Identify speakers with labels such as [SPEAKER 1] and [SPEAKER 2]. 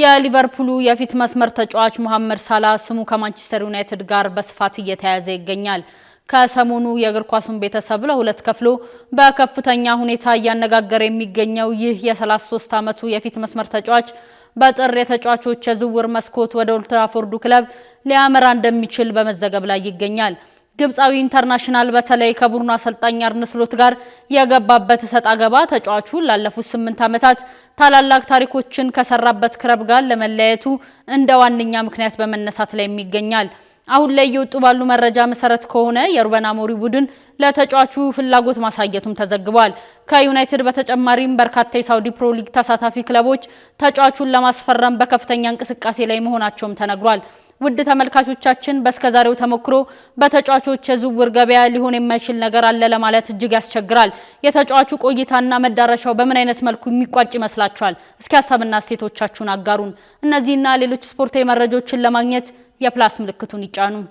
[SPEAKER 1] የሊቨርፑሉ የፊት መስመር ተጫዋች መሐመድ ሳላ ስሙ ከማንቸስተር ዩናይትድ ጋር በስፋት እየተያያዘ ይገኛል። ከሰሞኑ የእግር ኳሱን ቤተሰብ ለሁለት ከፍሎ በከፍተኛ ሁኔታ እያነጋገረ የሚገኘው ይህ የ33 ዓመቱ የፊት መስመር ተጫዋች በጥር የተጫዋቾች የዝውውር መስኮት ወደ ኦልትራፎርዱ ክለብ ሊያመራ እንደሚችል በመዘገብ ላይ ይገኛል። ግብፃዊ ኢንተርናሽናል በተለይ ከቡድኑ አሰልጣኝ አርነ ስሎት ጋር የገባበት እሰጥ አገባ ተጫዋቹ ላለፉት ስምንት ዓመታት ታላላቅ ታሪኮችን ከሰራበት ክለብ ጋር ለመለያየቱ እንደ ዋነኛ ምክንያት በመነሳት ላይ ይገኛል። አሁን ላይ እየወጡ ባሉ መረጃ መሰረት ከሆነ የሩበን አሞሪም ቡድን ለተጫዋቹ ፍላጎት ማሳየቱም ተዘግቧል። ከዩናይትድ በተጨማሪም በርካታ የሳውዲ ፕሮ ሊግ ተሳታፊ ክለቦች ተጫዋቹን ለማስፈረም በከፍተኛ እንቅስቃሴ ላይ መሆናቸውም ተነግሯል። ውድ ተመልካቾቻችን በስከዛሬው ተሞክሮ በተጫዋቾች የዝውውር ገበያ ሊሆን የማይችል ነገር አለ ለማለት እጅግ ያስቸግራል። የተጫዋቹ ቆይታና መዳረሻው በምን አይነት መልኩ የሚቋጭ ይመስላችኋል? እስኪ ሀሳብና አስተያየቶቻችሁን አጋሩን። እነዚህና ሌሎች ስፖርታዊ መረጃዎችን ለማግኘት የፕላስ ምልክቱን ይጫኑ።